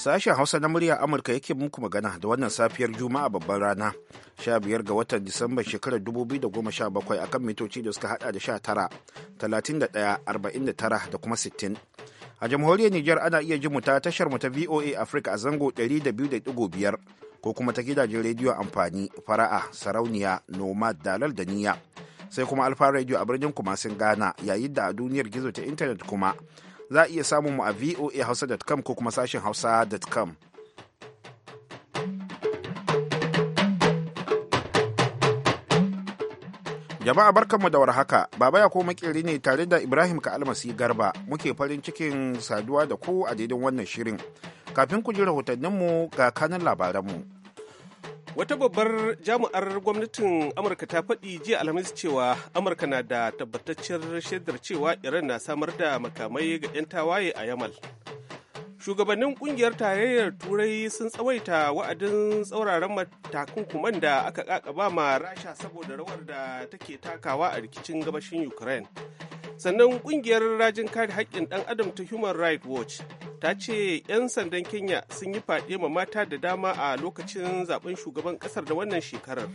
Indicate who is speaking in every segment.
Speaker 1: Sashen Hausa na murya Amurka yake muku magana da wannan safiyar Juma'a babban rana 15 ga watan Disamba shekarar 2017 kan mitoci da suka hada da 19, 31, talatin da kuma 60. A jamhuriyar Nijar ana iya jin mu ta tashar mu ta VOA Africa a zango 200.5 ko kuma ta gidajen rediyo amfani fara'a sarauniya nomad dalal da niyya sai kuma alfa radio a birnin kuma sun gana yayin da a duniyar gizo ta intanet kuma za a iya samun mu a voahausa.com ko kuma sashen hausa.com. Jama'a barkanmu da warhaka, Baba ya ko makeri ne tare da Ibrahim ka almasi garba muke farin cikin saduwa da ku a daidan wannan shirin. Kafin ku ji rahotanninmu ga kanan labaranmu.
Speaker 2: Wata babbar jami'ar gwamnatin Amurka ta faɗi jiya Alhamis cewa Amurka na da tabbataccen shaidar cewa Iran na samar da makamai ga 'yan tawaye a Yamal. Shugabannin kungiyar tarayyar Turai sun tsawaita wa'adin tsauraran matakan kuman da aka kakaba ma Rasha saboda rawar da take takawa a rikicin gabashin Ukraine. sannan kungiyar rajin kare haƙƙin ɗan adam ta human rights watch ta ce 'yan sandan kenya sun yi faɗe ma mata da dama a lokacin zaben shugaban ƙasar da wannan shekarar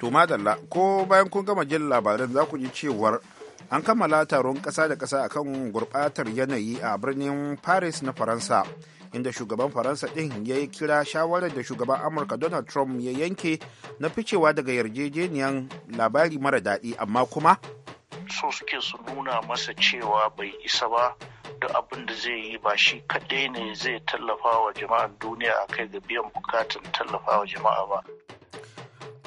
Speaker 1: to madalla ko bayan kun gama jin labarin za ku ji cewar an kammala taron ƙasa da ƙasa akan gurɓatar yanayi a birnin paris na faransa inda shugaban faransa ɗin ya yi kira shawarar da shugaban amurka donald trump ya yanke na ficewa daga yarjejeniyar labari mara daɗi amma kuma
Speaker 3: so suke su nuna masa cewa bai isa ba da abin da zai yi ba shi kadai ne zai tallafa wa jama'an duniya a kai ga biyan bukatun tallafa wa jama'a ba.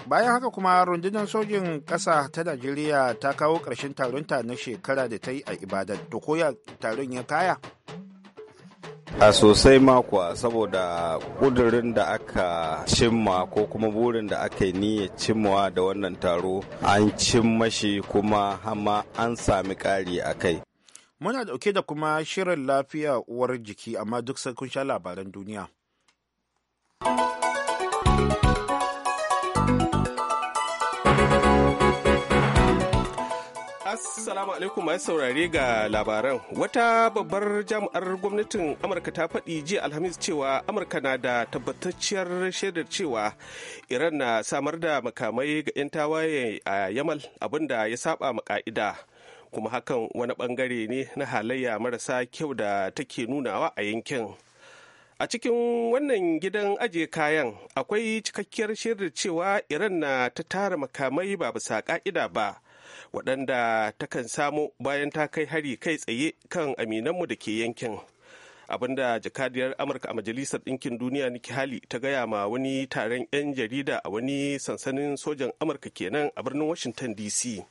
Speaker 1: bayan haka kuma rundunar sojin ƙasa ta najeriya ta kawo ƙarshen taronta na shekara da ta yi a ibadan da koya taron ya kaya
Speaker 4: A sosai mako saboda ƙudurin da aka cimma ko kuma burin da aka yi niyyar cimmawa da wannan taro an cimma shi kuma hama an sami ƙari a kai.
Speaker 1: Muna dauke da kuma shirin lafiya uwar jiki amma duk sai kun sha labaran duniya.
Speaker 2: Assalamu alaikum masu saurare ga labaran. Wata babbar jami'ar gwamnatin Amurka ta faɗi jiya Alhamis cewa Amurka na da tabbatacciyar shaidar cewa Iran na samar da makamai ga 'yan tawaye a Yamal abinda ya saba maka'ida. Kuma hakan wani bangare ne na halayya marasa kyau da take nunawa a yankin. A cikin wannan gidan ajiye kayan akwai cikakkiyar shaidar cewa Iran na ta tara makamai ba bisa ka'ida ba. waɗanda takan samo bayan ta kai hari kai tsaye kan aminanmu da ke yankin abinda jakadiyar amurka a majalisar ɗinkin duniya niki hali ta gaya ma wani taron 'yan jarida a wani sansanin sojan amurka kenan a birnin washington dc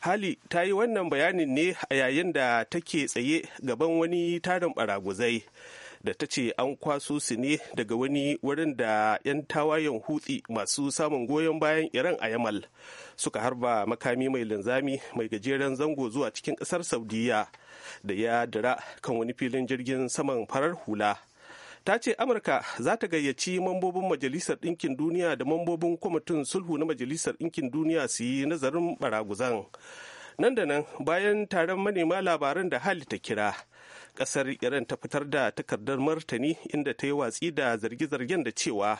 Speaker 2: hali ta yi wannan bayanin ne a yayin da take tsaye gaban wani tarin baraguzai da ta ce an kwaso su ne daga wani wurin da 'yan tawayen hutsi masu samun goyon bayan iran a yamal suka harba makami mai linzami mai gajeren zango zuwa cikin ƙasar saudiya da ya dira kan wani filin jirgin saman farar hula ta ce amurka za ta gayyaci mambobin majalisar ɗinkin duniya da mambobin kwamitin sulhu na majalisar ɗinkin duniya su yi nazarin baraguzan nan da nan bayan taron manema labaran da hali ta kira kasar iran ta fitar da takardar martani inda ta yi watsi da zarge-zargen da cewa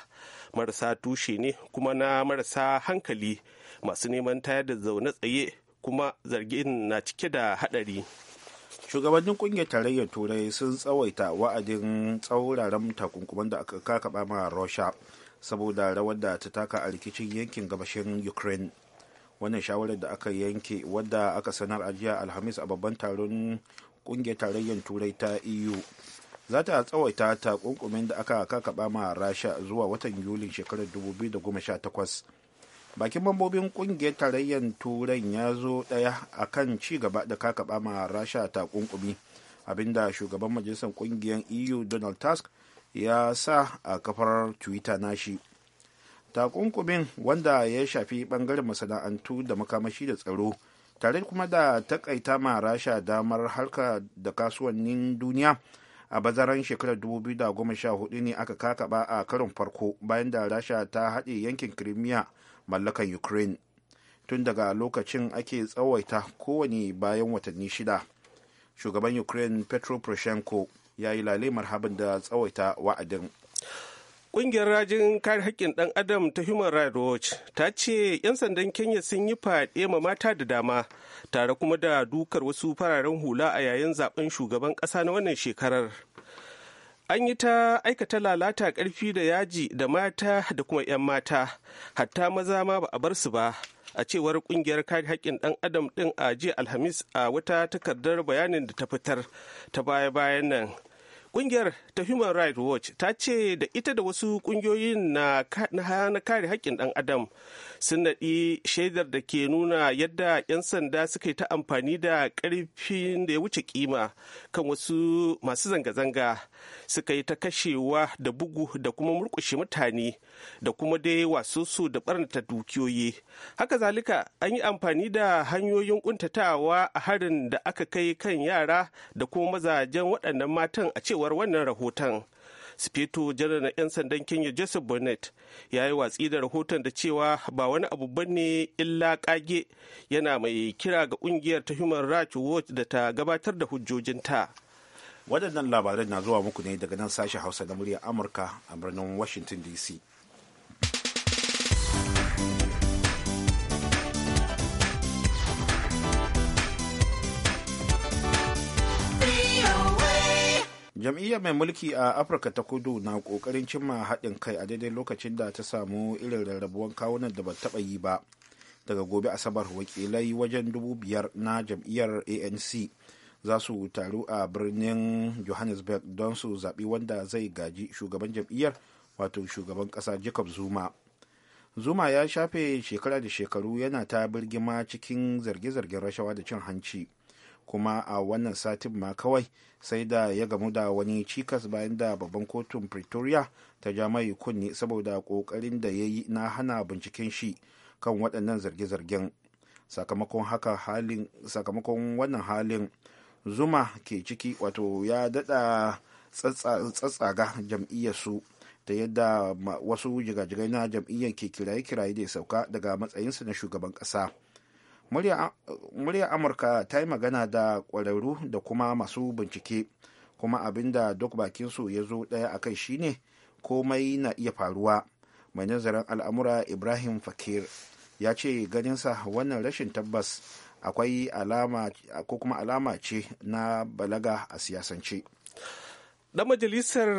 Speaker 2: marasa tushe ne kuma na marasa hankali masu neman tayar da zaune tsaye kuma zargin na cike da hadari
Speaker 1: shugabannin kungiyar tarayyar turai sun tsawaita wa'adin tsauraran takunkuman da aka kakaba ma russia saboda rawar da ta taka a rikicin yankin gabashin ukraine wannan shawarar da aka yanke wadda aka sanar a jiya alhamis a babban taron ƙungiyar tarayyar turai ta eu za ta tsawaita taƙunƙumin da aka kakaba ma rasha zuwa watan yulin shekarar 2018 bakin mambobin kungiyar tarayyar turai ya zo daya a kan gaba da kakaba ma rasha kunkumi abinda shugaban majalisar kungiyar eu donald tusk ya sa a kafar twitter nashi takunkumin wanda ya shafi bangaren masana'antu da makamashi da tsaro tare kuma da takaita ma rasha damar harka da kasuwannin duniya a bazaran shekarar 2014 ne aka kakaba a karin farko bayan da rasha ta haɗe yankin crimea mallakan ukraine tun daga lokacin ake tsawaita kowane bayan watanni shida shugaban ukraine petro poroshenko ya yi lalemar habin da tsawaita wa'adin
Speaker 2: Ƙungiyar rajin kare haƙƙin ɗan adam ta Human Rights Watch ta ce 'yan sandan Kenya sun yi faɗe ma mata da dama tare kuma da dukar wasu fararen hula a yayin zaben shugaban ƙasa na wannan shekarar. An yi ta aikata lalata ƙarfi da yaji da mata da kuma 'yan mata, hatta maza ma ba a bar su ba. a cewar ƙungiyar kare haƙƙin ɗan adam ɗin a jiya alhamis a wata takardar bayanin da ta fitar ta baya-bayan nan Ƙungiyar ta Human Rights Watch ta ce da ita da wasu ƙungiyoyin na kare haƙƙin ɗan adam sun naɗi shaidar da ke nuna yadda 'yan sanda suka yi ta amfani da ƙarfin da ya wuce kima kan wasu masu zanga-zanga suka yi ta kashewa da bugu da kuma murƙushe mutane da kuma dai wasu su da ɓarnata dukiyoyi. Haka zalika an yi amfani da hanyoyin ƙuntatawa a harin da aka kai kan yara da kuma mazajen waɗannan matan a cewa cewar wannan rahoton spito janar na 'yan sandan kenya joseph bonnet ya yi watsi da rahoton da cewa ba wani abu bane illa kage yana mai kira ga kungiyar ta human rights watch da ta gabatar da hujjojinta
Speaker 1: waɗannan labaran na zuwa muku ne daga nan sashi hausa na muryar amurka a birnin washington dc jam'iyyar mai mulki a afirka ta kudu na kokarin cimma haɗin kai a daidai lokacin da ta samu irin rarrabuwan kawunan da ba taɓa yi ba daga gobe asabar wakilai wajen dubu biyar na jam'iyyar anc za su taru a birnin johannesburg don su zaɓi wanda zai gaji shugaban jam'iyyar wato shugaban ƙasa jacob zuma zuma ya shafe shekara da shekaru yana ta birgima cikin zarge-zargen rashawa da cin hanci kuma a wannan satin ma kawai sai da ya gamu da wani cikas bayan da babban kotun pretoria ta ja mai kunni saboda kokarin da ya yi na hana binciken shi kan waɗannan zarge-zargen sakamakon wannan halin zuma ke ciki wato ya daɗa tsatsaga jam'iyyarsu ta yadda wasu jigajigai na jam'iyyar ke kiraye-kiraye da sauka daga matsayinsu na shugaban ƙasa. murya amurka ta yi magana da kwararru da kuma masu bincike kuma abinda da duk bakinsu ya zo ɗaya a kai shine komai na iya faruwa mai nazarin al'amura ibrahim fakir ya ce ganinsa wannan rashin tabbas akwai alama ko kuma alama ce na balaga a siyasance
Speaker 2: dan majalisar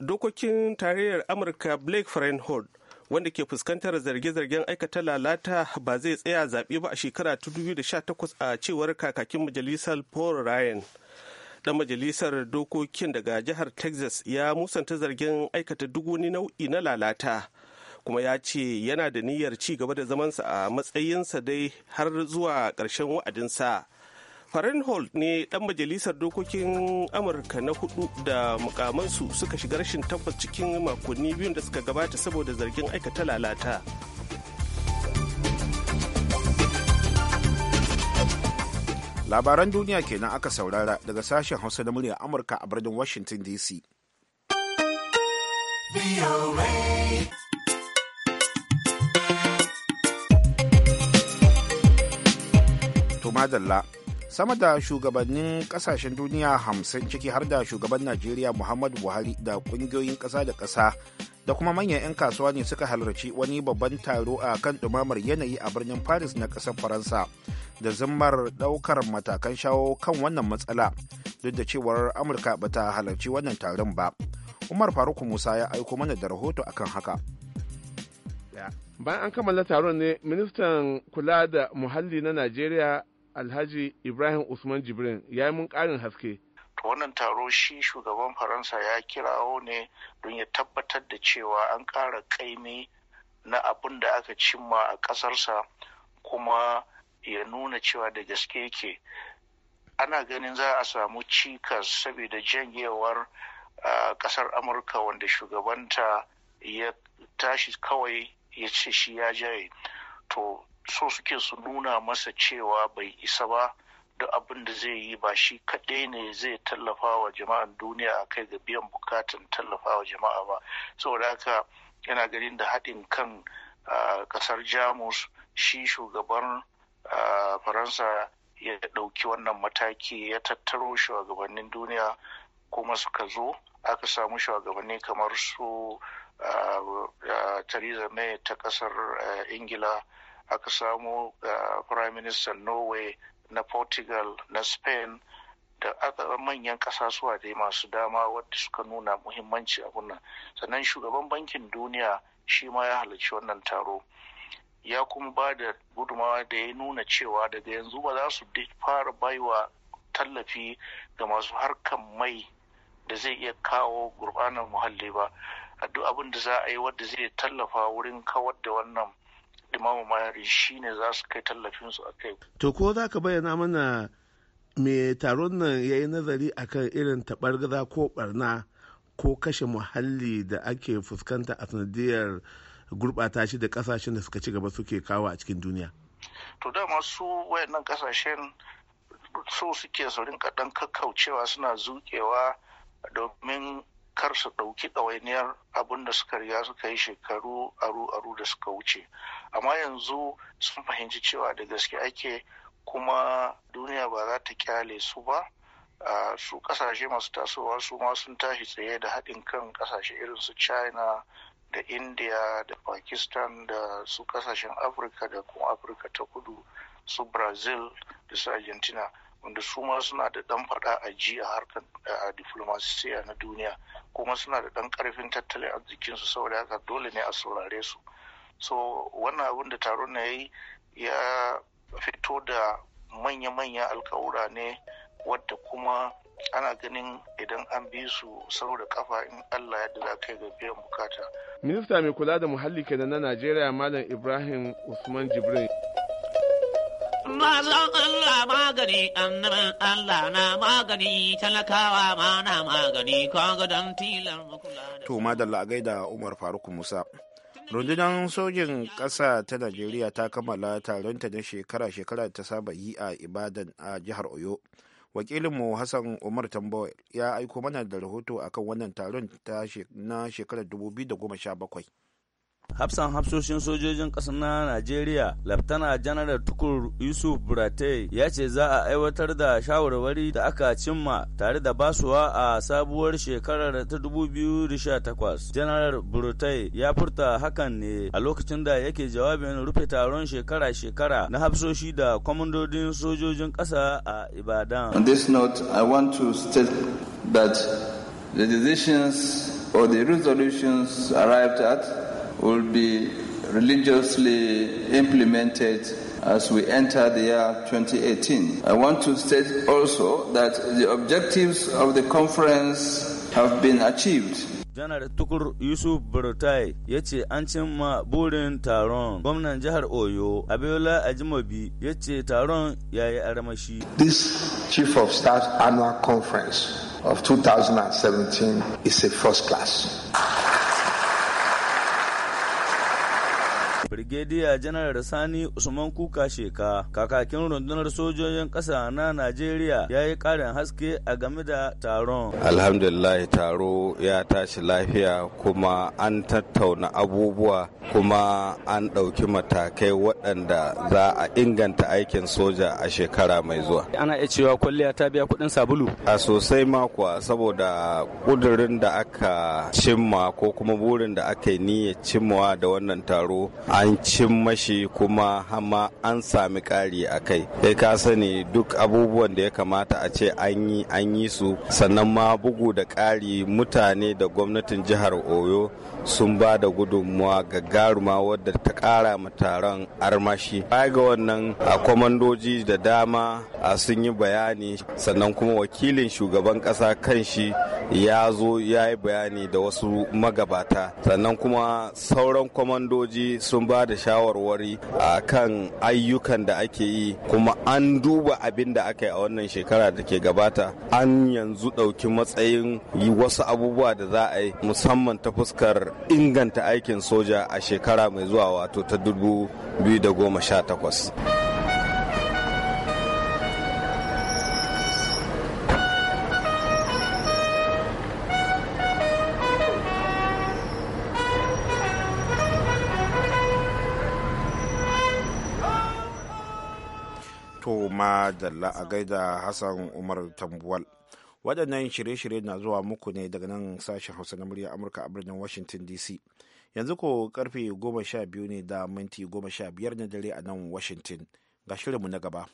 Speaker 2: dokokin tarayyar amurka blake frenhold wanda ke fuskantar zarge-zargen aikata lalata ba zai tsaya zaɓe ba a shekara ta 2018 a cewar kakakin majalisar paul ryan dan majalisar dokokin daga jihar texas ya musanta zargen aikata duk wani nau'i na lalata kuma ya ce yana da niyyar ci gaba da zamansa a matsayinsa dai har zuwa ƙarshen wa'adinsa Farenhold ne ɗan majalisar dokokin Amurka na hudu da mukamansu suka shiga rashin tabbas cikin makonni biyun da suka gabata saboda zargin aikata lalata.
Speaker 1: Labaran duniya kenan aka saurara daga sashen Hausa na muryar Amurka a birnin Washington DC. To madalla sama da shugabannin kasashen duniya hamsin ciki har da shugaban najeriya muhammadu buhari da kungiyoyin kasa da kasa da kuma manyan 'yan kasuwa ne suka halarci wani babban taro a kan ɗumamar yanayi a birnin paris na ƙasar faransa da zimmar ɗaukar matakan shawo kan wannan matsala duk da cewar amurka ba ta halarci wannan taron ba umar faruk musa ya aiko mana da rahoto akan haka
Speaker 2: bayan an kammala taron ne ministan kula da muhalli na najeriya alhaji ibrahim usman jibrin ya yi mun ƙarin haske
Speaker 3: to wannan taro shi shugaban faransa ya kirawo ne don ya tabbatar da cewa an ƙara ƙaimi na abin da aka cimma a ƙasarsa kuma ya nuna cewa da gaske yake ana ganin za a samu cikas saboda janyewar kasar amurka wanda shugabanta ya tashi kawai ya ce shi ya jaye to so suke su nuna masa cewa bai isa ba duk abin da zai yi ba shi kaɗai ne zai tallafa wa jama'an duniya a kai ga biyan bukatan tallafa wa jama'a ba saboda haka yana ganin da haɗin kan ƙasar jamus shi shugaban faransa ya ɗauki wannan mataki ya tattaro shugabannin duniya kuma suka zo aka samu shugabanni kamar su theresa may ta ƙasar ingila aka samu uh, prime minister norway na portugal na spain da aka manyan kasasuwa dai masu dama wadda suka nuna muhimmanci abun nan sannan shugaban bankin duniya shi ma ya halarci wannan taro ya kuma ba da gudumawa da ya nuna cewa daga yanzu ba za su fara baiwa tallafi ga masu harkan mai da zai iya kawo gurbanar muhalli ba a duk abin da za a yi wadda zai tallafa wurin kawar da wannan imamu shi ne za su kai su a kai.
Speaker 1: To ko za
Speaker 2: ka bayyana mana me taron nan ya yi nazari akan irin taɓar-gaza ko ɓarna ko kashe muhalli da ake fuskanta a sanadiyar gurɓata shi da ƙasashen da suka ci gaba suke kawo a cikin duniya.
Speaker 3: To dama su wayannan ƙasashen so suke saurin kaɗan kakkaucewa suna zuƙewa domin kar su ɗauki ɗawainiyar abin da suka riga suka yi shekaru aru-aru da suka wuce amma yanzu sun fahimci cewa da gaske ake kuma duniya ba za ta kyale su ba su kasashe masu tasowa su ma sun tashi tsaye da haɗin kan ƙasashe irin su china da india da pakistan da su ƙasashen afirka da kuma afirka ta kudu su brazil da su argentina wanda su ma suna da dan fada a ji a harkar diplomasiya na duniya kuma suna da dan karfin tattalin arzikinsu saboda haka dole ne a saurare su so wannan abin da taron na yi ya fito da manya-manya alkawura ne wadda kuma ana ganin idan an bi su sau da kafa in Allah ya za kai ga biyan bukata.
Speaker 2: Minista mai kula da muhalli kenan na Najeriya Malam Ibrahim Usman jibril
Speaker 5: Mazan Allah magani, annaban Allah na magani, talakawa ma na magani, kaga don tilar
Speaker 1: makula da... Umar Faruk Musa. rundunar sojin ƙasa ta najeriya ta kammala taronta na shekara-shekara ta saba yi a ibadan a jihar oyo wakilinmu hassan umar tambo ya aiko mana da rahoto akan wannan taron na shekarar 2017 hafsan
Speaker 4: hafsoshin sojojin ƙasar na najeriya laftana janaral tukur yusuf burate ya ce za a aiwatar da shawarwari da aka cimma tare da basuwa a sabuwar shekarar ta 2018 janaral burate ya furta hakan ne a lokacin da yake jawabin rufe taron shekara-shekara na hafsoshi da kwamandodin sojojin ƙasa a ibadan on this note i want to state that the decisions or the resolutions arrived at will be religiously implemented as we enter the year 2018. I want to state also that the objectives of the conference have been achieved. janar tukur yusuf burtai ya ce an cimma burin taron gwamnan jihar oyo abiola ajimobi ya ce taron ya yi armashi
Speaker 3: this chief of staff annual conference of 2017 is a first class
Speaker 4: Brigadier General Sani Usman Kuka Sheka, kakakin rundunar sojojin ƙasa na Najeriya ya yi ƙarin haske a game da taron. Alhamdulillah taro ya tashi lafiya kuma an tattauna abubuwa kuma an ɗauki matakai waɗanda za a inganta aikin soja a shekara mai zuwa. Ana iya cewa kwalliya ta biya kuɗin sabulu? A sosai makuwa, saboda ƙudurin da aka cimma ko kuma burin da aka yi niyyar cimmawa da wannan taro an cin mashi kuma hama an sami ƙari a kai kai ka sani duk abubuwan da ya kamata a ce an yi an yi su sannan ma bugu da ƙari mutane da gwamnatin jihar oyo sun ba da gudunmuwa garuma wadda ta ƙara ma taron armashi baya ga wannan a kwamandoji da dama a sun yi bayani sannan kuma wakilin shugaban kasa shi ya zo ya yi bayani da wasu magabata sannan kuma sauran kwamandoji sun ba da shawarwari a kan ayyukan da ake yi kuma an duba abin da aka yi a wannan shekara da ke gabata an yanzu ɗauki matsayin yi wasu abubuwa da za a yi musamman ta fuskar inganta aikin soja a shekara mai zuwa wato ta dubu 2018
Speaker 1: kuma jalla a gaida hassan umar tambuwal waɗannan shirye-shirye na zuwa muku ne daga nan sashen hausa na murya amurka a birnin washington dc yanzu ko karfe goma sha biyu ne da minti goma sha biyar na dare a nan washington ga shirinmu na gaba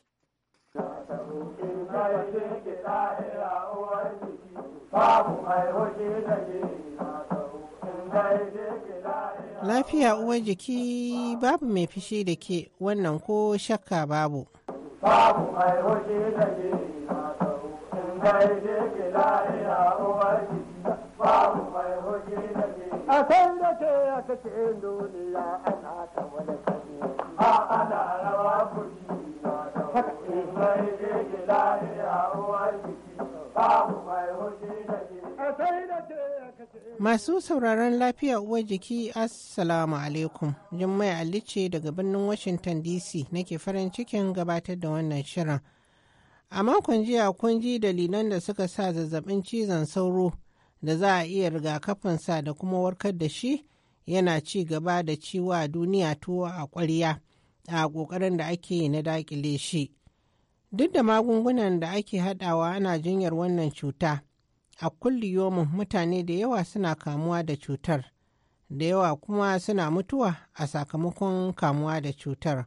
Speaker 5: lafiya uwar jiki babu mai fishi da ke wannan ko shakka babu
Speaker 3: babu mai hoshi da ke masau in kai je ke a san da ke a cikin duniya ana ta wani kare a ana rawa kuri na Masu
Speaker 5: sauraron lafiya uwar jiki Assalamu alaikum. Jummai alli ce daga birnin Washington DC nake farin cikin gabatar da wannan shirin. A makon jiya kun ji dalilan da suka sa zazzabin cizon sauro da za a iya rigakafinsa da kuma warkar da shi yana ci gaba da ciwa duniya tuwo a ƙwarya. a ƙoƙarin da ake na daƙile shi. Duk da magungunan da ake haɗawa ana jinyar wannan cuta, a kulliyomin mutane da yawa suna kamuwa da cutar, da yawa kuma suna mutuwa a sakamakon kamuwa da cutar.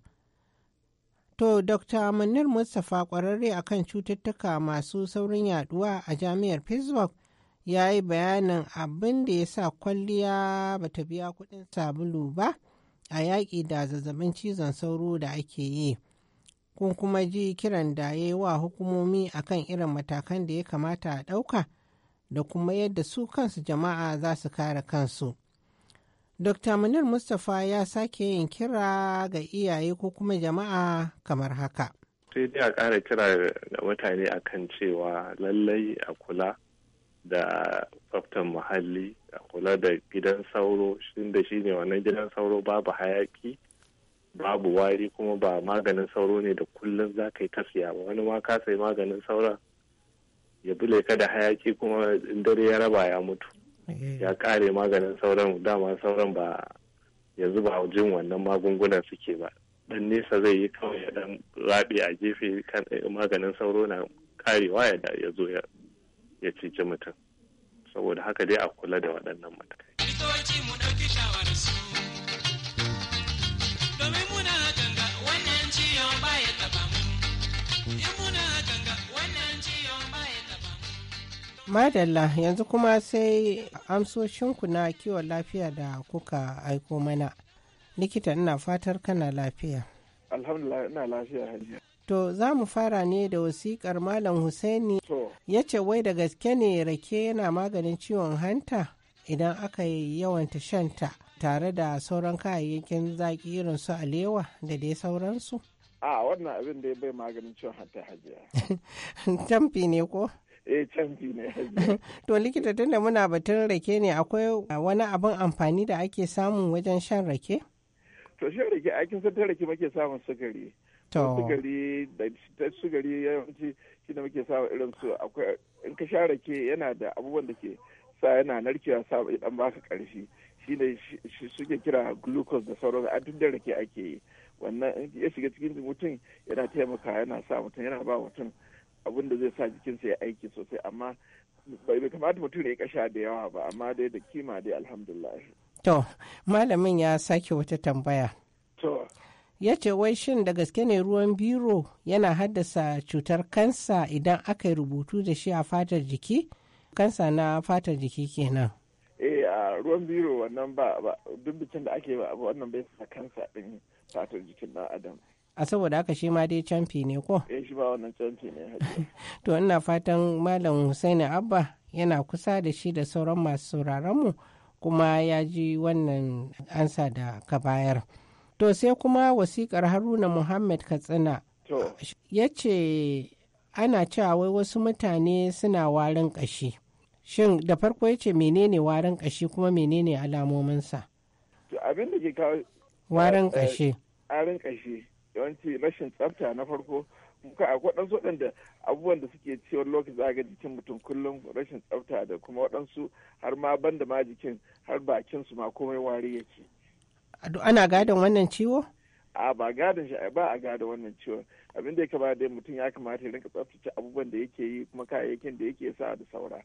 Speaker 5: To, Dr. Munir Mustapha ƙwararre akan cututtuka masu saurin yaduwa a Jami'ar Facebook ya yi bayanin abin da ya sa kwalliya ba ta biya kuɗin sabulu ba. a yaƙi da zazzabin cizon sauro da ake yi kun kuma ji kiran da ya wa hukumomi akan irin matakan da ya kamata a ɗauka da kuma yadda su kansu jama'a za su kare kansu dr munir mustapha ya sake yin kira ga iyaye ko kuma jama'a kamar haka
Speaker 6: sai dai a ƙara kira ga mutane akan cewa lallai a kula da tsaftar muhalli kula da gidan sauro da shi ne wannan gidan sauro babu hayaki babu wari kuma ba maganin sauro ne da kullum za ka yi ta siya ba wani ma ka sai maganin saura ya bule ka da hayaki kuma dare ya raba ya mutu eh. ya kare maganin sauran dama sauran ba yanzu ba jin wannan magungunan suke ba dan nesa zai yi kawai ya dan rabi a gefe eh, maganin sauro na karewa ya zo ya cici mutum saboda haka dai a kula da waɗannan matakai. mu
Speaker 5: domin muna ganga wannan muna ganga wannan madalla yanzu kuma sai amsoshinku na kiwon lafiya da kuka aiko mana likita ina fatar kana lafiya.
Speaker 6: alhamdulillah ina lafiya hajiya.
Speaker 5: To za mu fara ne da wasiƙar Malam Husaini ya ce wai da gaske ne rake yana maganin ciwon hanta idan aka yi yawanta shanta tare da sauran kayayyakin zaƙi irin su alewa da dai sauransu.
Speaker 6: A wannan abin da bai maganin ciwon hanta hajiya.
Speaker 5: Canfi ne ko?
Speaker 6: eh canfi ne
Speaker 5: to likita tunda muna batun rake ne akwai wani abin amfani da ake samu wajen shan rake
Speaker 6: to shan rake aikin san rake muke samun sukari
Speaker 5: sugari
Speaker 6: da sugari yawanci shi da muke wa irin su akwai in ka sha rake yana da abubuwan da ke sa yana narkewa sa dan baka karfi shi ne shi suke kira glucose da sauran a duk da rake ake yi wannan in ya shiga cikin mutum yana taimaka yana sa mutum yana ba mutum abin da zai sa jikinsa ya aiki sosai amma bai kamata mutum ya kasha da yawa ba amma dai da kima dai alhamdulillah
Speaker 5: to malamin ya sake wata tambaya ya ce wai shin da gaske ne ruwan biro yana haddasa cutar kansa idan aka yi rubutu da shi a fatar jiki kansa na fatar jiki kenan
Speaker 6: eh a ruwan biro wannan ba duk bikin da ake ba wannan bai sa kansa din fatar jikin dan adam
Speaker 5: a saboda haka shi ma dai canfi ne ko eh shi ba
Speaker 6: wannan canfi ne
Speaker 5: to ina fatan malam husaini Abba yana kusa da shi da sauran masu sauraron mu kuma ya ji wannan ansa da ka bayar. To sai kuma wasikar Haruna Muhammad Katsina. Ya ce ana cewa wai wasu mutane suna warin ƙashi. Shin da farko ya ce menene warin ƙashi kuma menene alamominsa?
Speaker 6: Abin da ke kawo
Speaker 5: warin ƙashi.
Speaker 6: Warin ƙashi yawanci rashin tsafta na farko muka akwai waɗansu waɗanda abubuwan da suke ciwon lokaci za ga jikin mutum kullum rashin tsafta da kuma waɗansu har ma banda ma jikin har bakin su ma komai wari yake.
Speaker 5: ana gadon wannan ciwo?
Speaker 6: a ba gadon shi ba a gada wannan ciwon abin da ya kamata dai mutum ya kamata ya rinka tsaftace abubuwan da yake yi kuma kayayyakin da yake sa da saura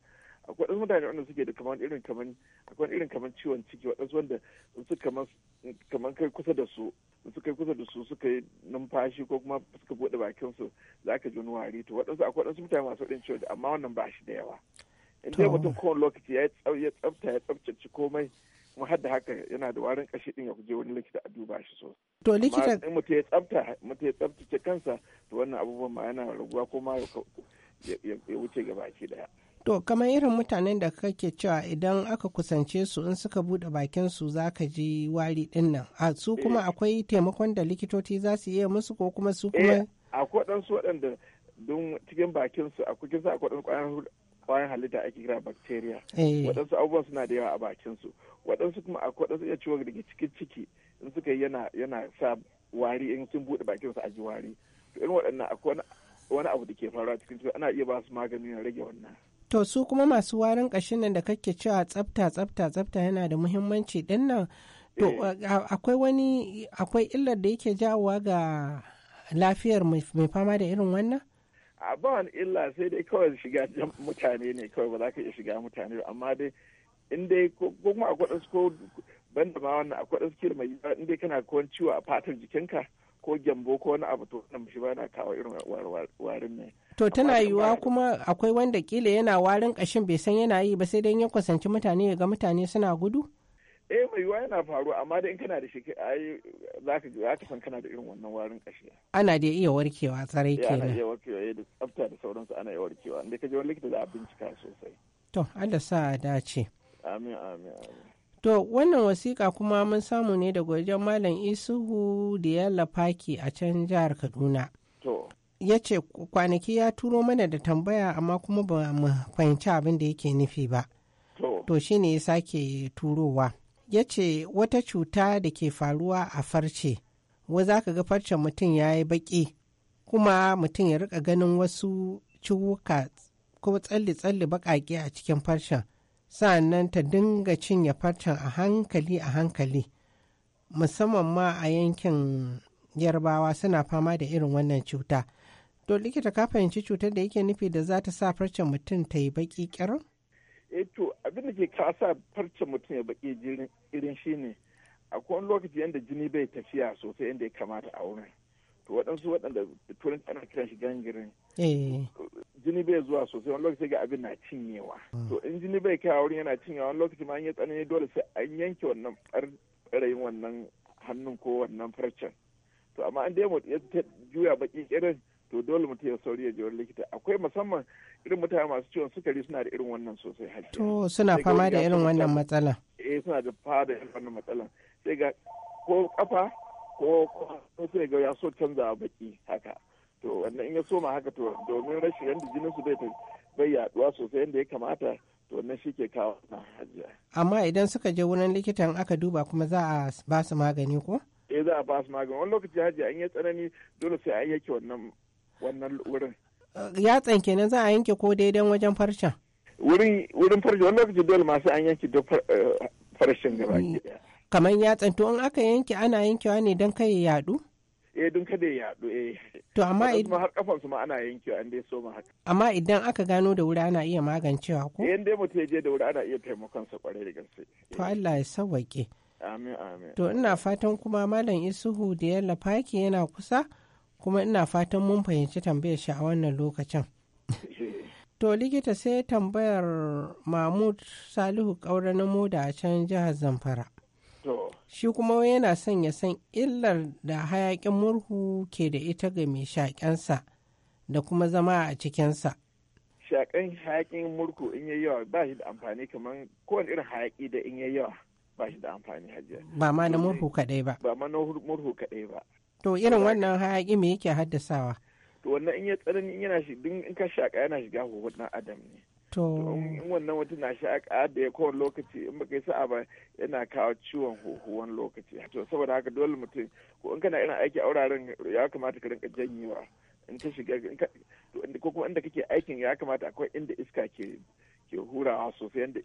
Speaker 6: akwai wasu mutane wanda suke da kamar irin kamar akwai irin kamar ciwon ciki waɗansu wanda su kamar kamar kai kusa da su su kai kusa da su suka yi numfashi ko kuma suka bude bakin su za ka ji wani wari to waɗansu akwai wadansu mutane masu irin ciwon amma wannan ba shi da yawa in dai mutum kowane lokaci ya tsafta ya tsaftace komai kuma har haka yana da warin kashi din ya kuje wani likita a duba shi so
Speaker 5: to likita in
Speaker 6: mutum ya tsafta mutum ya tsaftace kansa to wannan abubuwan ma yana raguwa ko ma ya wuce gaba ki daya
Speaker 5: To kamar irin mutanen da kake cewa idan aka kusance su in suka bude bakin su zaka ji wari din nan. A su kuma eh. akwai taimakon da likitoci za su iya musu ko kuma su kuma eh,
Speaker 6: akwai dan su waɗanda don cikin bakin su akwai kisa akwai dan kwayan halitta ake kira bacteria eh. waɗansu abubuwan suna da yawa a bakin su waɗansu kuma akwai waɗansu iya ciwo daga cikin ciki in suka yana yana sa wari in sun buɗe bakin su a ji wari to irin waɗannan akwai wani abu da ke faruwa cikin ciki ana iya ba su magani na rage wannan
Speaker 5: To su kuma masu warin ƙashin nan da kake cewa tsafta tsafta tsafta yana da muhimmanci din nan. To eh. akwai wani akwai illar da yake jawowa ga lafiyar mai fama da irin wannan?
Speaker 6: a ba wani illa sai dai kawai shiga mutane ne kawai ba za ka iya shiga mutane ba amma dai in dai ko kuma akwai ɗansu ko da ma wannan akwai ɗansu kira mai ba in dai kana kowan ciwo a fatar jikinka ko gyambo ko wani abu to wannan shi ba na kawo irin warin ne.
Speaker 5: To tana yiwuwa kuma akwai wanda kila yana warin ƙashin bai san yana yi ba sai dai ya kusanci mutane ya ga mutane suna gudu?
Speaker 6: eh mai yiwuwa yana faruwa amma da in kana da shi za ka san kana da irin wannan warin kashi
Speaker 5: ana da iya warkewa tsarai eh, kenan ana
Speaker 6: iya warkewa eh, da tsafta da sauransu ana iya warkewa inda ka je wani likita za a bincika sosai
Speaker 5: to Allah sa a dace amin amin amin to wannan wasiƙa kuma mun samu ne daga wajen malam isuhu da yalla faki a can jihar kaduna to ya ce kwanaki ya turo mana da tambaya amma kuma ba mu fahimci abin da yake nufi ba to shine ya sake turowa ya ce wata cuta da ke faruwa a farce wa za ka ga farcen mutum ya yi baƙi kuma mutum ya rika ganin wasu ciwuka ko tsalle-tsalle baƙaƙe a cikin farcen nan ta dinga cinye farcen a hankali a hankali musamman ma a yankin yarbawa suna fama da irin wannan cuta to likita ka fahimci cutar da yake nufi da za ta sa farcen mutum ta yi baƙi ƙirin
Speaker 6: eh to abin da ke kasa farcen mutum ya baki irin shi ne akwai wani lokaci yadda jini bai tafiya sosai yadda ya kamata a wurin to waɗansu waɗanda turin ana kiran shi gangirin eh. jini bai zuwa sosai wani lokaci ga abin na cinyewa ah. to in jini bai kai wurin yana cinyewa wani lokaci ma an yi tsanani dole sai an yanke wannan ɓarayin wannan hannun ko wannan farcen to amma an dai ya juya baki irin to dole mutum ya sauri ya je wani likita akwai musamman irin mutane masu ciwon sukari suna da irin wannan sosai hajji to suna fama da irin wannan matsalan eh suna da fama da irin wannan matsalan sai ga ko kafa ko ko sai ga ya so canza baki haka to wannan in ya soma haka to domin rashin yanda jinin su bai bai yaduwa sosai yanda ya kamata to wannan shi ke kawo na hajji.
Speaker 5: amma idan suka je wurin likitan aka duba kuma za a ba su magani ko
Speaker 6: eh za a ba su magani wani lokaci hajji an yi tsanani dole sai an yake wannan wannan wurin
Speaker 5: yatsan kenan za a yanke ko daidai wajen farcen wurin wurin farcen wani lokaci
Speaker 6: dole masu an yanke duk eh, farcen gaba mm.
Speaker 5: kamar yatsan to in aka yanke ana yankewa ne don kai ya yadu
Speaker 6: eh don kada ya yadu eh to amma idan har kafan su ma ana yankewa an dai so ma haka
Speaker 5: amma idan aka gano da wuri ana iya magancewa ko eh
Speaker 6: dai mutum ya je da wuri ana iya taimakon sa kwarai da gaske eh.
Speaker 5: to Allah ya sauwake amin amin to ina fatan kuma malam Isuhu da Yalla Faki yana kusa kuma ina fatan mun fahimci tambayar shi a wannan lokacin. To likita sai tambayar Mahmud Salihu ƙaura na moda a can jihar Zamfara. Shi kuma yana son ya san illar da hayaƙin murhu ke da ita ga mai shaƙensa da kuma zama a cikinsa.
Speaker 6: Shaƙen hayaƙin murhu in yi yawa ba shi da amfani kamar kowane irin hayaƙi da in yi yawa ba shi da amfani hajiya. Ba ma na murhu kaɗai ba. Ba ma na murhu kaɗai ba.
Speaker 5: To irin wannan hayaƙi me yake haddasawa?
Speaker 6: To wannan in ya tsanani yana shi din in ka shaƙa yana shiga hukumar ɗan adam ne.
Speaker 5: To in
Speaker 6: wannan mutum na shaƙa da ya kowane lokaci in baka yi sa'a ba yana kawo ciwon huhu wani lokaci. To saboda haka dole mutum ko in kana irin aiki a wuraren ya kamata ka rinka janyewa. in ta shiga ko kuma inda kake aikin ya kamata akwai inda iska ke ke hurawa sosai inda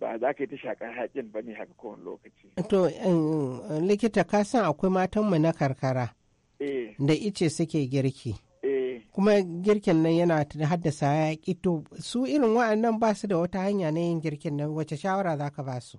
Speaker 6: ba za ka yi ta shakar haƙin ba ne haka kowane lokaci.
Speaker 5: To um, likita ka san akwai matanmu na karkara. Eh. Da ice suke girki. Eh. Kuma girkin nan yana haddasa yaƙi to su irin wa'annan ba su da wata hanya na yin girkin nan wace shawara za ka ba su?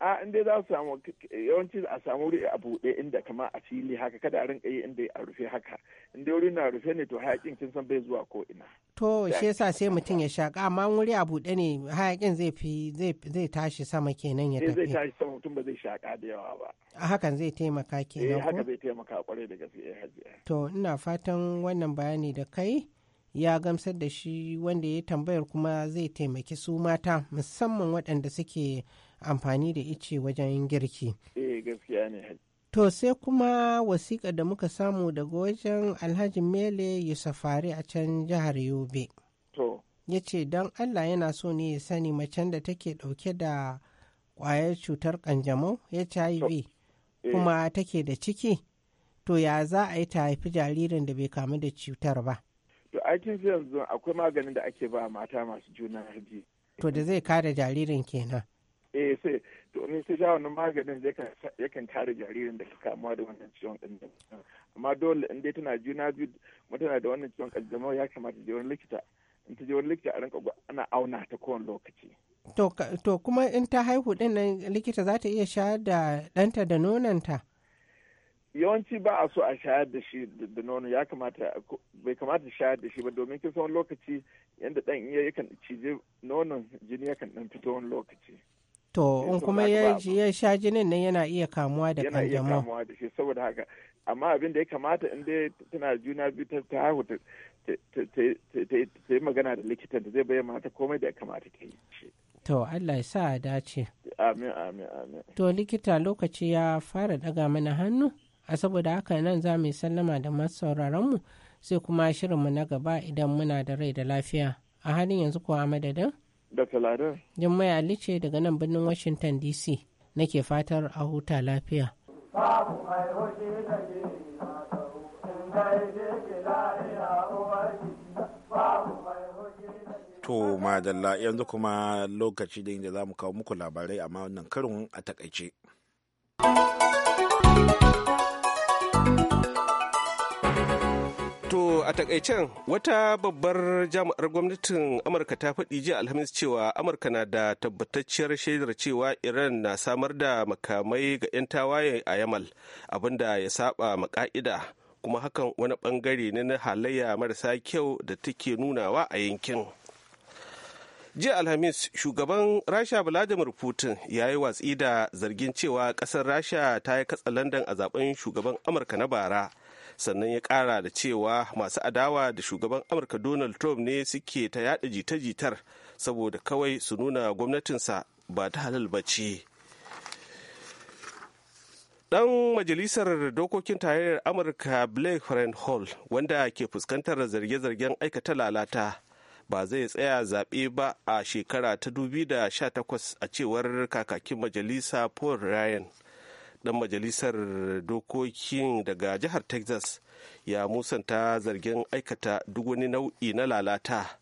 Speaker 6: a inda za su yawanci a samu wuri a buɗe inda kama a fili haka kada a rinka yi inda a rufe haka inda wuri na rufe ne to hayakin kin san bai zuwa ko ina
Speaker 5: to shi yasa sai mutum ya shaka amma wuri a buɗe ne hayakin zai fi zai tashi sama kenan ya eh, tafi zai tashi
Speaker 6: sama mutum ba zai shaka da yawa ba a hakan
Speaker 5: zai taimaka kenan eh haka
Speaker 6: zai taimaka kwarai da gaske eh,
Speaker 5: to ina fatan wannan bayani da kai ya gamsar da shi wanda ya tambayar kuma zai taimaki su mata musamman waɗanda suke amfani da ice wajen girki.
Speaker 6: Eh gaskiya ne.
Speaker 5: To sai kuma wasiƙa da muka samu daga wajen Alhaji Mele Yusufari a can jihar Yobe. To. Ya ce don Allah yana so ne ya sani macen da take ɗauke da ƙwayar cutar ƙanjamau HIV
Speaker 6: eh. kuma
Speaker 5: take da ciki. To ya za a yi ta haifi jaririn da bai kamu da cutar ba.
Speaker 6: To aikin yanzu akwai maganin da ake ba mata masu juna biyu.
Speaker 5: To da zai kare jaririn kenan.
Speaker 6: eh sai to ne sai jawo na maganin kan kare jaririn da kamuwa da wannan ciwon kanjamau amma dole in dai tana juna biyu tana da wannan ciwon kanjamau ya kamata je wani likita in ta je wani likita a rinka ana auna ta kowane lokaci
Speaker 5: to kuma in ta haihu din nan likita za ta iya shayar da ɗanta da nonanta
Speaker 6: yawanci ba a so a shayar da shi da nono ya kamata bai kamata shayar da shi ba domin kin san lokaci yadda dan iya yakan cije nonon jini yakan dan fito wani lokaci
Speaker 5: To, in kuma ya sha jinin nan yana iya kamuwa da kanjamau. Yana iya kamuwa
Speaker 6: da shi saboda haka. Amma abin da ya kamata in dai tana juna biyu ta haihu ta yi magana da likitan da zai bayyana mata komai da ya kamata ta yi.
Speaker 5: To, Allah ya sa a dace. Amin,
Speaker 6: amin, amin.
Speaker 5: To, likita lokaci ya fara daga mana hannu, a saboda haka nan za mu sallama da masu sauraronmu sai kuma shirinmu na gaba idan muna da rai da lafiya. A halin yanzu kuwa madadin?
Speaker 6: da talatin.
Speaker 5: Jummai Ali ce daga nan birnin Washington DC nake fatar a huta lafiya.
Speaker 1: To madalla yanzu kuma lokaci da za mu kawo muku labarai amma wannan karin a takaice. To a takaicen wata
Speaker 2: babbar jami'ar gwamnatin Amurka ta faɗi jiya Alhamis cewa Amurka na da tabbatacciyar shaidar cewa Iran na samar da makamai ga 'yan tawaye a Yamal abinda ya saba maka'ida kuma hakan wani bangare ne na halayya marasa kyau da take nunawa a yankin. jiya alhamis shugaban rasha vladimir putin ya yi watsi da zargin cewa kasar rasha ta yi katsa landan a zaben shugaban amurka na bara sannan ya kara da cewa masu adawa da shugaban amurka donald trump ne suke ta yada jita-jitar saboda kawai su nuna gwamnatinsa ba ta halal ba ce dan majalisar dokokin tarayyar amurka blake hall wanda ke fuskantar zarge-zargen aikata lalata ba zai tsaya zaɓe ba a shekara ta 2018 a cewar kakakin majalisa paul ryan dan majalisar dokokin daga jihar texas ya musanta zargin aikata duk wani nau'i na lalata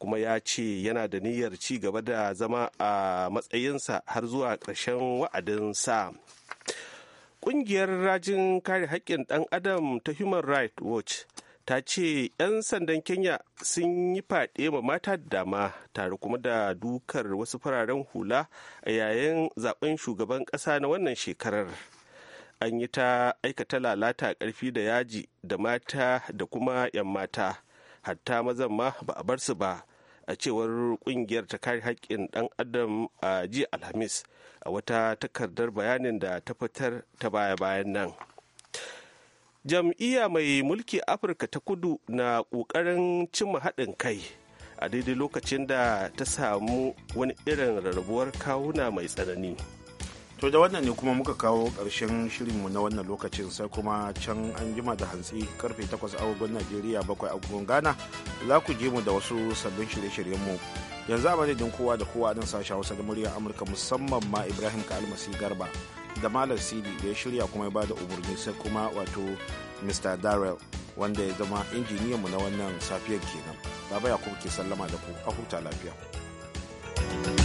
Speaker 2: kuma ya ce yana da niyyar ci gaba da zama a matsayinsa har zuwa ƙarshen wa'adinsa ƙungiyar rajin kare haƙƙin ɗan adam ta human rights watch ta ce 'yan sandan kenya sun yi fade ma mata da dama tare kuma da dukar wasu fararen hula a yayin zaben shugaban kasa na wannan shekarar an yi ta aikata lalata karfi da yaji da mata da kuma 'yan mata hatta mazan ma ba a bar su ba a cewar kungiyar ta kare haƙƙin ɗan adam a jiya alhamis a wata takardar bayanin da ta fitar ta baya-bayan nan. jam'iyya mai mulki afirka ta kudu na ƙoƙarin cimma haɗin kai a daidai lokacin da ta samu wani irin rarrabuwar
Speaker 1: kawuna mai tsanani to da wannan ne kuma muka kawo ƙarshen shirinmu na wannan lokacin sai kuma can an jima da hantsi karfe 8 agogon najeriya 7 agogon ghana za ku je mu da wasu sabbin shirye-shiryenmu yanzu a madadin kowa da kowa nan sashen hausa da muryar amurka musamman ma ibrahim ka garba da malam cd da ya shirya kuma ya ba da umarni sai kuma wato mr darrell wanda ya zama mu na wannan safiyar kenan baba yakubu ke sallama da ku a huta lafiya thank you